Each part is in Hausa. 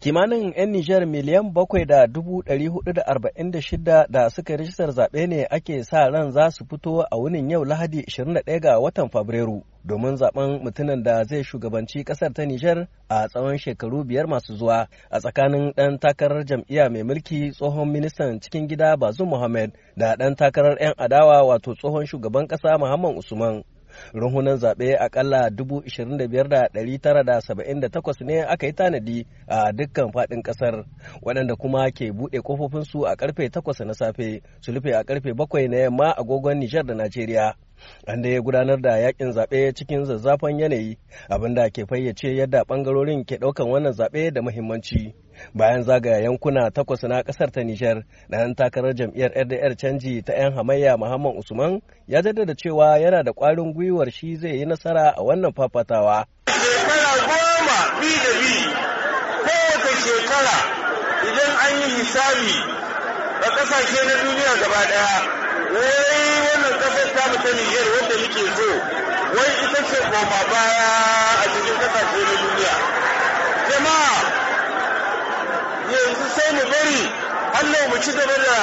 Kimanin 'yan Nijar miliyan bakwai da dubu ɗari hudu da arba'in da shida da suka rijistar zaɓe ne ake sa ran za su fito a wunin yau Lahadi 21 ga watan Fabrairu domin zaɓen mutumin da zai shugabanci ƙasar ta Nijar a tsawon shekaru biyar masu zuwa a tsakanin ɗan takarar jam'iyya mai mulki tsohon ministan cikin gida bazu Mohammed da ɗan takarar 'yan adawa wato tsohon shugaban ƙasa Muhammad Usman. ruhunan zaɓe akalla 25,978 ne aka yi tanadi a dukkan faɗin ƙasar waɗanda kuma ke buɗe ƙofofinsu a ƙarfe 8 na safe sulufe a ƙarfe 7 na yamma agogon Nijar da Najeriya. an da ya gudanar da yakin zaɓe cikin zazzafan yanayi abinda ke fayyace yadda ɓangarorin ke ɗaukan wannan zaɓe da muhimmanci bayan zagaya yankuna takwas na ƙasar ta nishar 'yan takarar jam'iyyar rdr canji ta 'yan hamayya muhammad usman ya jaddada cewa yana da ƙwarin gwiwar shi zai yi nasara a wannan fafatawa shekara goma bi kowace shekara idan an yi hisabi a ƙasashe na duniya gaba ɗaya wannan kasar ta mutum ta wanda muke so wai ita ce goma baya a cikin kasashe na duniya jama'a yanzu sai mu bari Allah mu ci gaba da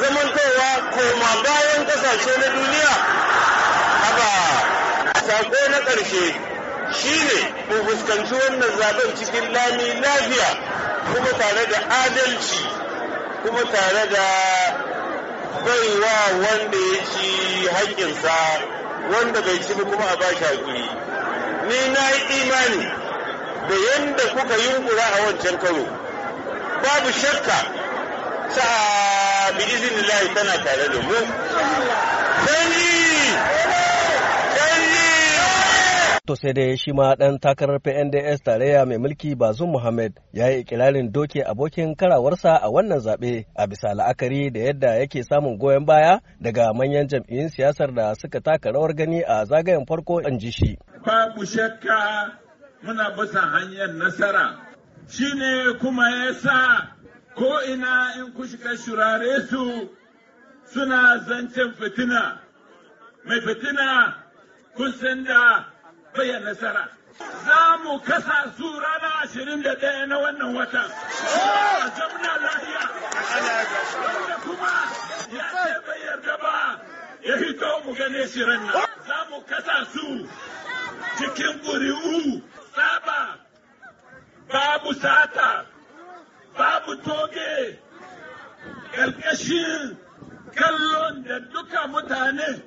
zamantowa koma bayan kasashe na duniya haba sako na ƙarshe shine mu fuskanci wannan zaben cikin lami lafiya kuma tare da adalci kuma tare da bai wa wanda ya ci hankinsa, wanda bai ci kuma a ba shi ni na yi imani da yadda kuka yi a wancan karo babu shakka sa bi izinin tana tare da mu sani To sai dai shi ma ɗan takarar PNDS tarayya mai mulki Bazum muhammed ya yi ikirarin doke abokin karawarsa a wannan zaɓe a bisa la'akari da yadda yake samun goyon baya daga manyan jam'iyyun siyasar da suka taka rawar gani a zagayen farko in ji shi. Babu shakka muna bisa hanyar nasara shine kuma ya sa ko ina in ku shiga shurare su suna zancen fitina. Mai fitina kun san da taya nasara. Za mu kasa su rana ashirin da ɗaya na wannan watan. jamuna lafiya Wanda kuma ya ce bai yarda ba ya fito mu gane shi ranar. Za mu kasa su cikin ƙuri'u saba babu sata babu toge ƙarƙashin kallon da duka mutane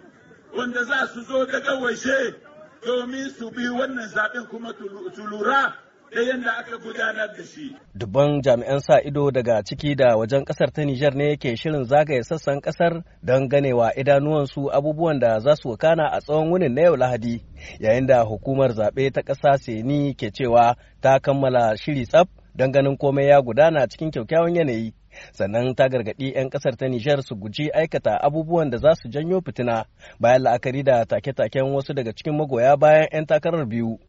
wanda za su zo daga waje. domin su bi wannan zaɓen kuma su lura da yadda aka gudanar da shi. Dubban jami'an sa ido daga ciki da wajen ƙasar ta Nijar ne ke shirin zagaye sassan ƙasar don ganewa idanuwansu abubuwan da za su wakana a tsawon wunin na yau Lahadi, yayin da hukumar zaɓe ta ƙasa Seni ke cewa ta kammala shiri tsaf don ganin komai ya gudana cikin kyakkyawan yanayi. sannan ta gargaɗi 'yan ƙasar ta Nijar su guji aikata abubuwan da za su janyo fitina bayan la'akari da take-taken wasu daga cikin magoya bayan 'yan takarar biyu.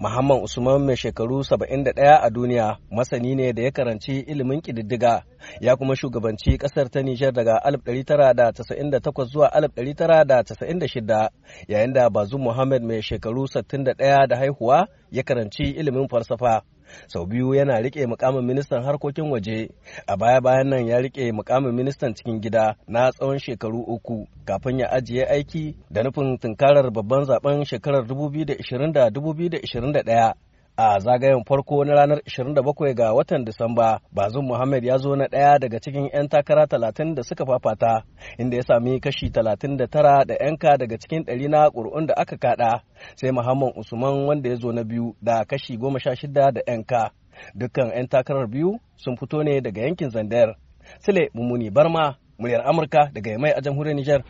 Muhammad Usman mai shekaru 71 a duniya masani ne da ya karanci ilimin ƙididdiga ya kuma shugabanci ƙasar ta Nijar daga 1998 zuwa 1996 yayin da Bazu Muhammad mai shekaru 61 da haihuwa ya karanci ilimin falsafa. sau biyu yana rike mukamin ministan harkokin waje a baya bayan nan ya rike mukamin ministan cikin gida na tsawon shekaru uku kafin ya ajiye aiki da nufin tunkarar babban zaben shekarar 2020 da 2021 a zagayen farko na ranar 27 ga watan Disamba, Bazum Muhammad ya zo na ɗaya daga cikin 'yan takara 30 da suka fafata, inda ya sami kashi 39 da 'yanka daga cikin ɗari na ƙuri'un da aka kaɗa, sai Muhammad Usman wanda ya zo na biyu da kashi 16 da 'yanka. Dukkan 'yan takarar biyu sun fito ne daga yankin Zandar. Sule Mumuni Barma, muryar Amurka daga Yamai a jamhuriyar Nijar.